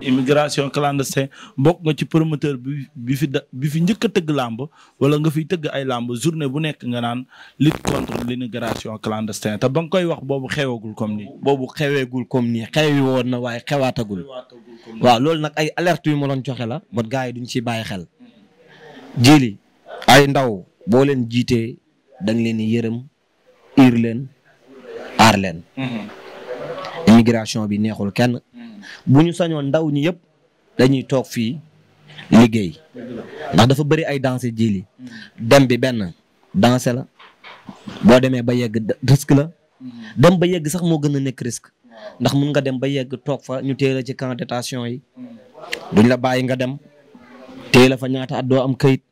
immigration clandestin bokk nga ci promoteur bi bi fi da bi fi njëkk a tëgg làmb wala nga fiy tëgg ay làmb journée bu nekk nga naan lutte contre l'immigration clandestin te ba nga koy wax boobu xewagul comme nii. boobu xeweegul comme nii xewi woon na waaye xewaatagul. waaw loolu nag ay alertes yu ma doon joxe la. mot gaa yi duñ ci bàyyi xel. jili ay ndaw boo leen jiitee da nga leen di yërëm iir leen aar leen. Mm-hmm. immigration bi neexul kenn. bu ñu sañoon ndaw ñi yëpp dañuy toog fii liggéey ndax dafa bëri ay danse jili dem bi benn danse la boo demee ba yegg risque la dem ba yegg sax moo gën a nekk risque ndax mun nga dem ba yegg toog fa ñu téye la ci camp détention yi duñ la bàyyi nga dem téye la fa ñaata at doo am kayit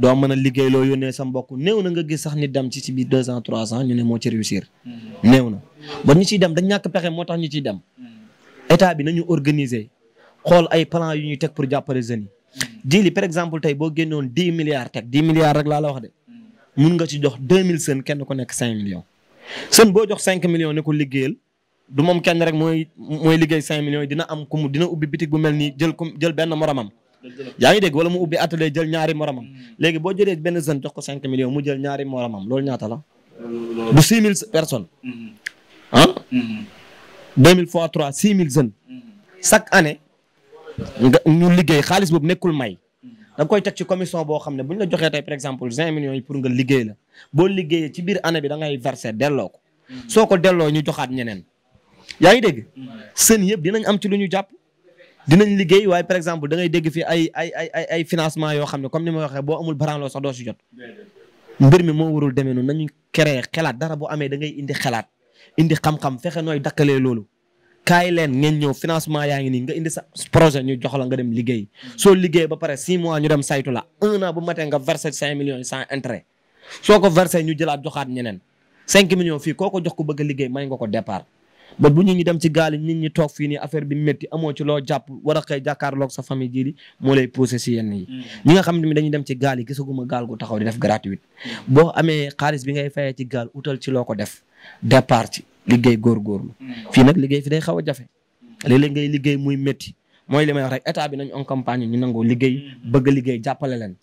doo man a liggéey loo yónnee sa mbokk néew na nga gis sax ni dem ci ci biir deux ans trois ans ñu ne moo ci réussir néew na ba ñu ciy dem dañ ñàkk pexe moo tax ñu ciy dem état bi nañu organiser xool ay plan yu ñu teg pour jàppale jeunes yi jili par exemple tey boo génnoon dix milliards teg dix milliards rek laa la wax de mun nga ci jox deux mille sën kenn ku nekk cinq millions sën boo jox cinq millions ne ko liggéeyal du moom kenn rek mooy mooy liggéey cinq millions dina am ku mu dina ubbi bitik bu mel nii jël ko jël benn moromam yaa ngi dégg wala mu ubbi atelier jël ñaari moromam léegi boo jëlee benn jeune jox ko cinq millions mu jël ñaari moromam lool ñaata la du six mille personnes mm-hmm. ah mm-hmm. deux mille fois trois six mille jeunes chaque année nga ñu liggéey xaalis boobu nekkul may da koy teg ci commission boo xam ne bu ñu la joxee tey par exemple vingt millions yi pour nga liggéey la boo liggéeyee ci biir année bi dangay ngay verser ko soo ko delloo ñu joxaat ñeneen yaa ngi dégg seen yëpp dinañ am ci lu ñu jàpp dinañ liggéey waaye par exemple da ngay dégg fii ay ay ay ay financement yoo xam ne comme ni ma waxee boo amul baran loo sax doo si jot mbir mi moo warul demee noonu nañu créer xelaat dara bu amee da ngay indi xelaat indi xam-xam fexe nooy dakkalee loolu kaay leen ngeen ñëw financement yaa ngi nii nga indi sa projet ñu jox la nga dem liggéey soo liggéey ba pare 6 mois ñu dem saytu la un an bu matee nga versé 5 millions sans fii koo jox ko bëgg a liggéey may nga ko départ. bu nit ñi dem ci gaal nit ñi toog fii nii affaire bi métti amoo ci loo jàpp war a xëy jàkkaarloog sa famille jii di moo lay poussé si yenn yi. Hmm. ñi nga xam ne dañuy dem ci gaal yi gisaguma gaal départ ci liggéey góorgóorlu mm. fii nag liggéey fi day xaw a jafe léeg-léeg ngay liggéey muy métti mooy li may wax rek état bi nañu en campagne ñu nangoo liggéey mm. bëgg liggéey jàppale leen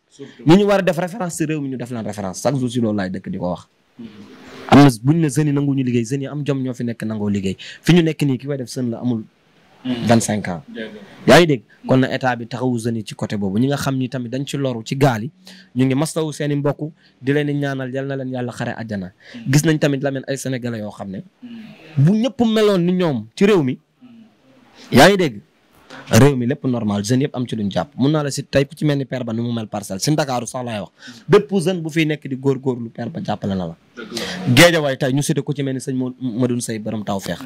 ñi ñu war a def référence si réew mi ñu def leen référence chaque jour si dëkk di ko wax mm. am na buñ ne jeunes yi nanguñu liggéey jeunes am jom ñoo fi nekk nangoo liggéey fi ñu nekk nii ki koy def sën la amul Mm-hmm. vingt yaa ngi dégg kon na état bi taxawu jeunes yi ci côté boobu ñi nga xam ni tamit dañ ci loru ci gaal yi ñu ngi mastawu seen i mbokk di leen di ñaanal yal na leen yàlla xare àjjana mm-hmm. gis nañ tamit la mel ay sénégalais yoo xam ne mm-hmm. bu ñëpp meloon ni ñoom ci réew mi yaa ngi dégg réew mi lépp normal jeunes yëpp am ci luñ jàpp mun naa la si tey ku ci mel ni père ba nu mu mel parcelle si ndakaaru sax la wax bépp jeune bu fiy nekk di góorgóorlu père ba jàppale na la géejawaay tey ñu sité ku ci mel ni sëñ Madoune Seye borom taw feex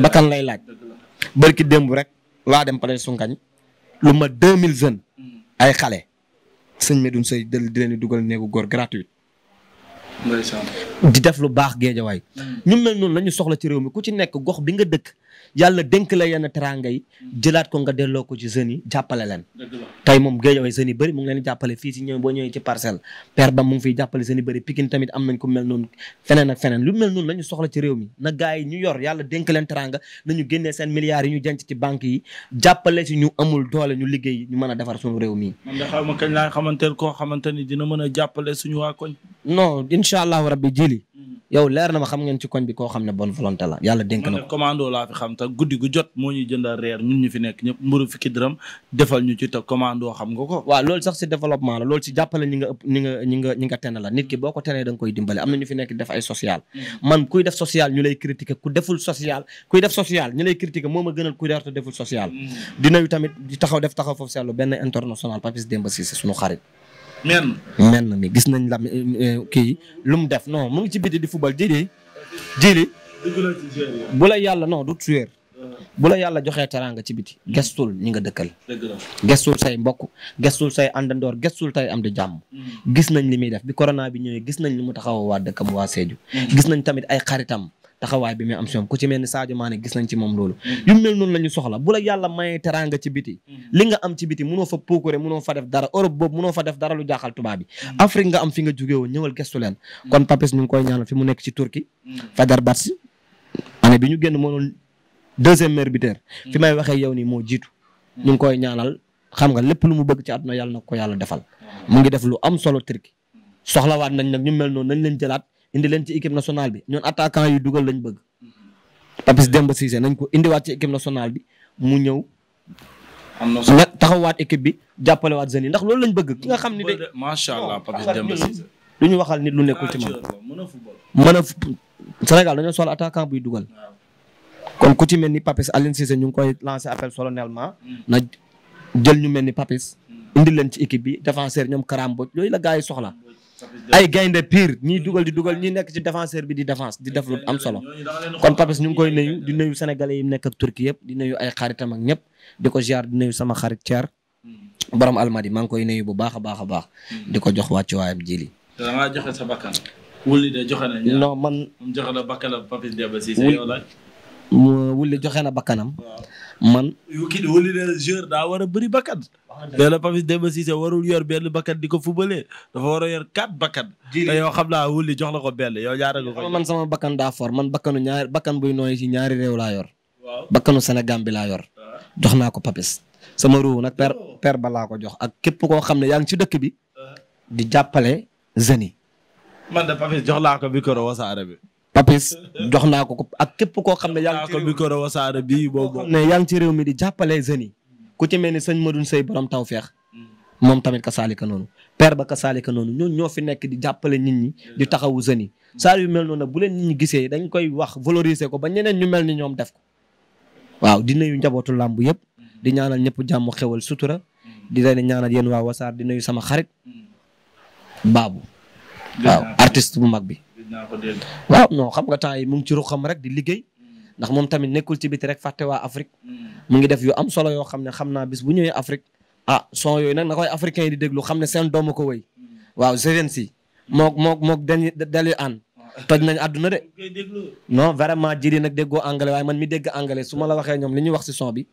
bakkan lay laaj barki démb rek laa dem pare sunkañ lu ma deux mille jeunes hmm. ay xale sëñ Medoune Seye dal di leen di dugal néegu góor gratuite di def lu baax géejawaay hmm. ñu mel noonu la ñu soxla ci réew mi ku ci nekk gox bi nga dëkk yàlla dénk la yenn teranga yi jëlaat ko nga delloo ko ci jeunes yi jàppale leen tey moom géejowee jeunes yi bëri jàppale fii si ñëw boo ñëwee ci parcelle père ba mu ngi fiy jàppale jeunes yi bëri tamit am nañ ko mel noonu feneen ak feneen lu mel noonu la ñu soxla ci réew mi na gars ñu yor yàlla dénk leen teranga nañu génnee seen milliards yi ñu denc ci banque yi jàppale si ñu amul doole ñu liggéey ñu mën a defar suñu réew mi man da xawma kañ laa xamante koo xamante ni dina mën a jàppale suñu waa koñ non incha allahu rabbi yow leer na ma xam ngeen ci koñ bi koo xam ne bonne volonté la yàlla dénk na ko commando laa fi xam te guddi gu jot moo ñuy jëndal reer ñun ñu fi nekk ñëpp mburu fukki dërëm defal ñu ci te xam nga ko waaw loolu sax si développement la loolu si jàppale ñi nga ëpp nga ñi nga ñi nga ten la nit ki boo ko tenee da koy dimbale am na ñu fi nekk def ay social mm. man kuy def social ñu lay critiquer ku deful social kuy def social ñu lay critiquer moo a gënal kuy deful social mm. dinañu tamit di taxaw def taxaw foofu seetlu benn international Papis Demba Cissé suñu xarit menn menn mi gis nañ la eh, kii lu mu def noo mu ngi ci biti di football jëlee jëlee. bu la yàlla noo du tuer. bu la yàlla joxee teraanga ci biti gestul ñi nga dëkkal. gestul say mbokk gestul say àndandoor gestul tay am di jàmm. Mm. gis nañ li muy def bi corona bi ñëwee gis nañ li mu taxaw waa dëkkam waa Sédhiou. Mm. gis nañ tamit ay xaritam. taxawaay bi muy am si moom ku ci mel ni Sadio Mané gis nañ ci moom loolu yu mel noonu la ñu soxla bu la yàlla mayee teraanga ci biti li nga am ci biti munoo fa puukure munoo fa def dara Europe boobu munoo fa def dara lu jaaxal tubaab Afrique nga am fi nga jóge ñëwal gestu leen kon Papis ñu ngi koy ñaanal fi mu nekk ci Turquie Fenerbahçe année bi ñu génn moo doon deuxième meilleur buteur fi may waxee yow nii moo jiitu ñu ngi koy ñaanal xam nga lépp lu mu bëgg ci àdduna yàlla na ko yàlla defal ngi def lu am solo Turquie soxlawaat nañ nag ñu mel noonu nañ leen indi leen ci équipe nationale bi ñun attaquant yu dugal lañ bëgg. Papis Demba Cissé nañ ko indiwaat ci équipe nationale bi mu ñëw. am na solo taxawaat équipe bi jàppale waat jeunes yi ndax loolu lañ bëgg. ki nga xam ne de Papis Demba Cissé du ñu waxal nit lu nekkul ci man. mën a Sénégal dañoo soxla attaquant buy dugal. kon ku ci mel ni Papis Aline Cissé ñu ngi koy lancé appel solennellement. Mm. na jël ñu mel ni Papis. Mm. indi leen ci équipe bi défenseur ñoom Karamboj yooyu la gars ay gaynde pire ñii dugal di dugal ñii nekk ci défenseur bi di défense di def lu am solo kon Papis ñu koy nuyu di nuyu sénégalais yi nekk ak Turquie yëpp di nuyu ay xaritam ak ñëpp di ko ziar di nuyu sama xarit Thiar borom almadi maa ngi koy nuyu bu baax a baax a baax di ko jox wàccuwaayam jili te da sa bakkan wuli de man joxe na bakkan Papis Demba wulli joxe na bakkanam. man. kii di wulli ne joueur daa war a bëri bakkan. nee na Papis Demba Cissé warul yor benn bakkan ko fubalee a yor quatre bakkan. te yow xam naa wulli jox la ko benn yow ñaara nga ko. man sama bakkan daa for man bakkanu ñaari bakkan buy nooy si ñaari réew laa yor. bakkanu Sénégal bi laa yor. Ah. jox naa ko Papis. sama ruu nag per oh. per ba laa ko jox ak képp koo xam ne yaa ngi ci dëkk bi. Ah. di jàppale jeunes Papis jox naa ko ko ak képp koo xam ne yaa ngi ci micro Wassare bi boobu ne ci réew mi di jàppale jeunes yi ku ci mel ni sëñ Madoune Seye boroom taw feex moom tamit kasaalika noonu per ba ka saalika noonu ñun ñoo fi nekk di jàppale nit ñi di taxawu jeunes yi saa yu mel noonu bu leen nit ñi gisee dañ koy wax valoriser ko ba ñeneen ñu mel ni ñoom def ko waaw di nuyu njabootu làmb yëpp di ñaanal ñëpp jàmm xewal sutura di leen ñaanal yéen waa Wassare di nuyu sama xarit baabu waaw artiste bu mag bi waaw non xam nga temps yi mu ngi ci ruxam rek di liggéey ndax moom tamit nekkul ci biti rek fàtte waa Afrique mm. mu ngi def yu am solo yoo xam ne xam naa bis bu ñëwee Afrique ah son yooyu nag na koy africain yi di déglu xam ne seen doomu ko wëy mm. waaw Seven si mook mook mook dañuy daluy ànd ah. toj nañ adduna de non vraiment jiri nag déggoo anglais waaye man mi dégg anglais su ma la waxee ñoom li ñuy wax si son bi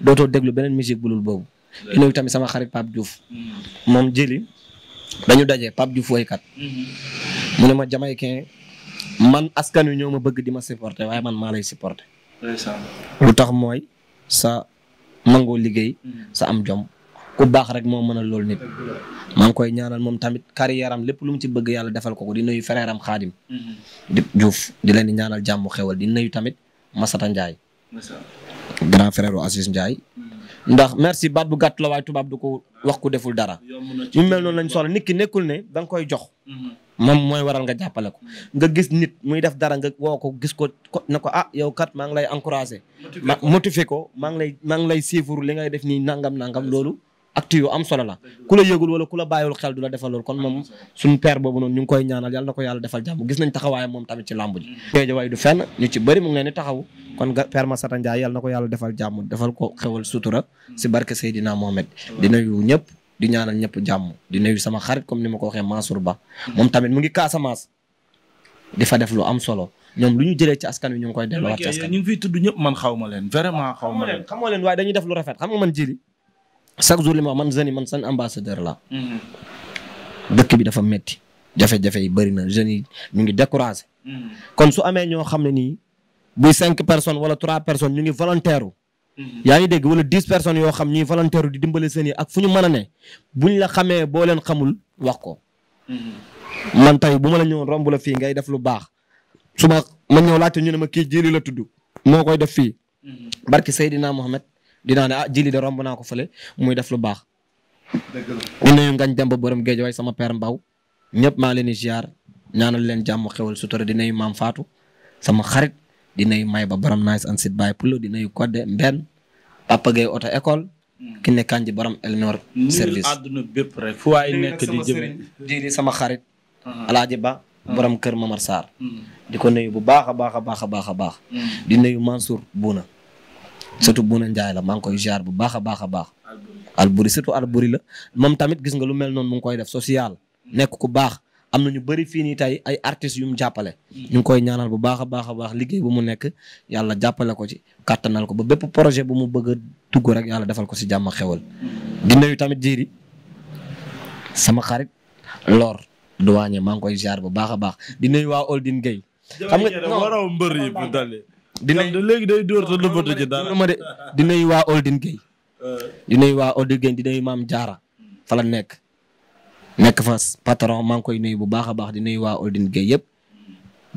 dootoo déglu beneen musique bulul boobu di nuyu sama xarit Pape Diouf mm. moom jëli dañu dajee Pape Diouf woykat mm-hmm. mu ne ma jamaïcain man askan wi ñëw ma bëgg di ma supporter waaye man maa lay supporter. lu tax mooy sa mangoo liggéey. Mm. sa am jom ku baax rek moo mën a loolu nit. maa ngi koy ñaanal moom tamit carrière am lépp lu mu ci bëgg yàlla defal ko ko di nuyu frère am xaadim. Mm-hmm. di Diouf di leen di ñaanal jàmm xewal di nayu tamit Masata Ndiaye. grand frère Aziz Ndiaye. Mm. ndax merci baat bu gàtt la waaye tubaab du ko wax ku deful dara. ñu mel noonu lañ soxla nit ki nekkul ne da koy jox. Mm-hmm. moom mooy waral nga jàppale ko mm. nga gis nit muy def dara nga woo ko gis ko na ko ah yow kat maa ngi lay encouragé ma motivé ko maa ngi lay maa ngi lay suivre li ngay def nii nangam nangam loolu acte yu am solo la ku la yëgul wala ku la bàyyiwul xel du la defal loolu kon moom suñu per boobu noonu ñu ngi koy ñaanal yàlla na ko yàlla defal jàmm gis nañ taxawaayam moom tamit ci làmb ji mm. géejawaay du fenn ñu ci taxaw kon père Massata Ndiaye yàlla na ko yàlla defal jàmm defal ko xewal sutura mm. si barke Seydina dina dinayu ñëpp di ñaanal ñëpp jàmm di nuyu sama xarit comme ni ma ko waxee Mansour Ba moom tamit mu ngi Casamance di fa def lu am solo ñoom lu ñu jëlee ci askan wi ñu ngi koy delloo ci askan ñu ngi fiy tudd ñëpp man xaw ma leen vraiment ah, xaw ma leen dañuy def lu rafet xam nga man jili chaque jour li ma man jeunes yi man seen ambassadeur la mhm. dëkk bi dafa metti jafe-jafe yi bëri na jeunes yi ñu ngi découragé mhm. kon su amee ñoo xam ne nii buy cinq personnes wala trois personnes ñu ngi volontaire Mhm. yaa ngi dégg wala dix personnes yoo xam ñuy volontaire di dimbale seen yi ak fu ñu mën a ne buñ la xamee boo leen xamul wax ko. Mhm. man tey bu ma la ñëwoon romb la fii ngay def lu baax su ma ma ñëw laajte ñu ne ma kii jili la tudd moo koy def fii. Mhm. barki Seydina Mohamed dinaa ne ah jili de romb naa ko fële muy def lu baax. dëgg la ñu nuyu ngañ dem ba borom géej waay sama père Mbaw ñëpp maa leen di ziar ñaanal leen jàmm xewal sutura dina nuyu maam faatu sama xarit. di nuyu may ba borom nice and sit by Pulo di nuyu Codé Mbène Papa Gueye auto école. Hmm. ki ne Kanji borom Elinor service. àdduna bépp rek sama xarit. Uh-huh. Alaaji Ba. Uh-huh. borom kër Mamar Sarr. Hmm. di ko nayu bu baax a baax a baax a baax a baax. Hmm. di nuyu Mansour Bouna. surtout Bouna Ndiaye la maa ngi koy jaar bu baax a baax a baax. Alburi surtout Alburi la moom tamit gis nga lu mel noonu mu ngi koy def social. nekk ku baax am na ñu bari fii nii tey ay artistes yu mu jàppale. ñu ngi koy ñaanal bu baax a baax a baax liggéey bu mu nekk yàlla jàppale ko ci kàttanal ko ba bépp projet bu mu bëgg a dugg rek yàlla defal ko si jàmm xewal. di nuyu tamit jiiri sama xarit loor Duwaañe maa ngi koy jaar bu baax a baax di nuyu waa Oldin Gueye. xam nga non mbër yi bu léegi day door te lëbëtu ci dara waa Oldin euh. Gueye. di nuyu waa Oldin Gueye di nuyu maam Jaara fala nekk. nekk fa patron maa ngi koy nuyu bu baax a baax di nuyu waa Oldin Gueye yëpp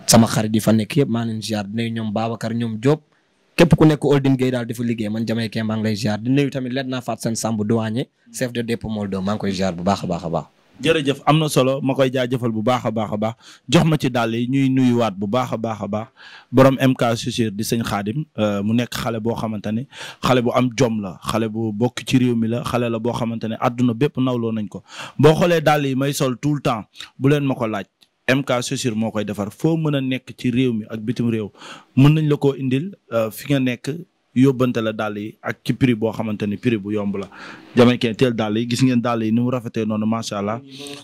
sama xarit yi fa nekk yëpp maa ngi leen ziar di nuyu ñoom Babacar ñoom Diop képp ku nekk Oldin Gueye daal dafa liggéey man Jamaye Kemba maa ngi lay ziar di nuyu tamit let naa faat seen sàmb douanier chef de dépôt Moldo maa ngi koy ziar bu baax a baax a baax. jërëjëf am na solo ma koy jaajëfal bu baax a baax a baax jox ma ci dàll yi ñuy nuyuwaat bu baax a baax a baax borom MK Chaussure di sëñ Xaadim euh, mu nekk xale boo xamante ne xale bu am jom la xale bu bokk ci réew mi la xale la boo xamante ne àdduna bépp nawloo nañ ko boo xoolee dàll yi may sol tout le temps bu leen ma ko laaj MK Chaussure moo koy defar foo mën a nekk ci réew mi ak bitim réew mën nañ la koo indil euh, fi nga nekk. yóbbante la dàll yi ak ci prix boo xamante ni bu yomb la. Jamaïcain teel dàll yi gis ngeen dàll yi ni mu noonu macha allah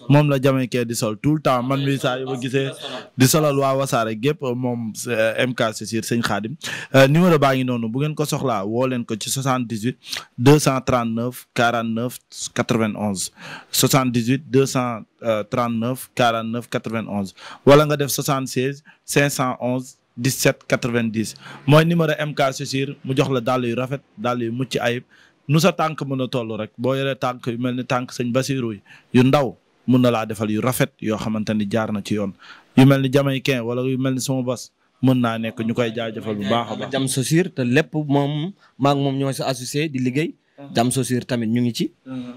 moom la Jamaïcain di sol tout le temps man mi saa yu ma gisee di solal waa wasaare gépp moom euh, MK Cissir sëñ Xaadim euh, numéro baa ngi noonu bu ngeen ko soxlaa woo leen ko ci 78 239 49 91 78 239 49 91 wala nga def 76 511. 17 90 mooy numéro MK Chaussure mu jox la dàll yu rafet dàll yu mucc ayib nu sa tànk mën a toll rek boo yoree tànk yu mel ni tànk sëñ Basiru yu ndaw mën na laa defal yu rafet yoo xamante ni jaar na ci yoon yu mel ni jamaïcain wala yu mel ni sama bas mën naa nekk ñu koy jaajëfal bu baax a baax. jam Chaussure te lépp moom maak moom ñoo si associé di liggéey. jam Chaussure tamit ñu ngi ci.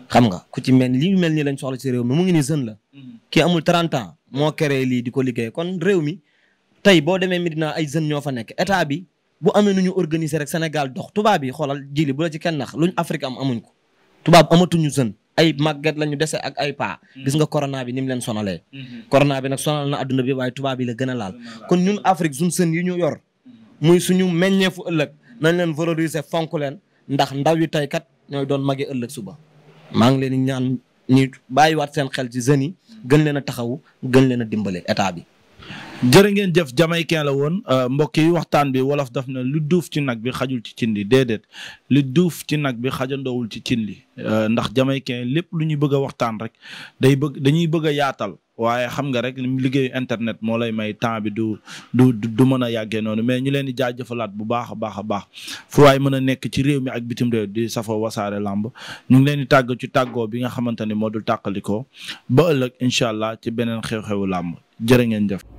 xam nga ku ci mel li ñu mel nii lañ soxla ci réew mi mu ngi ni jeune la. Mhm. kii amul 30 moo créé lii di ko liggéey kon réew mi. tey boo demee Medina ay jeunes ñoo fa nekk état bi bu amee nu ñu organiser rek Sénégal dox tubaab yi xoolal jili bu la ci kenn nax luñ Afrique am amuñ ko tubaab amatuñu jeune ay màgget la ñu dese ak ay paa. Mm-hmm. gis nga corona bi ni mu leen sonalee. Mm-hmm. corona bi nag sonal na adduna bi waaye tubaab yi la gën a laal. kon ñun Afrique suñ sën yi ñu yor. Mm-hmm. muy suñu meññeefu ëllëg nañ leen valoriser fonk leen ndax ndaw yi tey kat ñooy doon magi ëllëg suba. maa ngi leen di ñaan ñu bàyyiwaat seen xel ci jeunes yi gën leen a taxawu gën leen a dimbale état bi. jërë ngeen jëf jamaïcain la woon euh, mbokk yi waxtaan bi wolof daf na lu duuf ci nag bi xajul ci cin li déedéet lu duuf ci nag bi xajandoowul ci cin li euh, ndax jamaïcain lépp lu ñuy bëgg a waxtaan rek day bëgg dañuy bëgg a yaatal waaye xam nga rek liggéeyu internet moo lay may temps bi du du du mën a yàggee noonu mais ñu leen di jaajëfalaat bu baax a baax a baax fu waay mën a nekk ci réew mi ak bitim réew di safa wasaare làmb ñu ngi leen di tàgg ci tàggoo bi nga xamante ne moo du tàkkalikoo ba ëllëg incha allah ci beneen xew-xewu làmb jërë ngeen jëf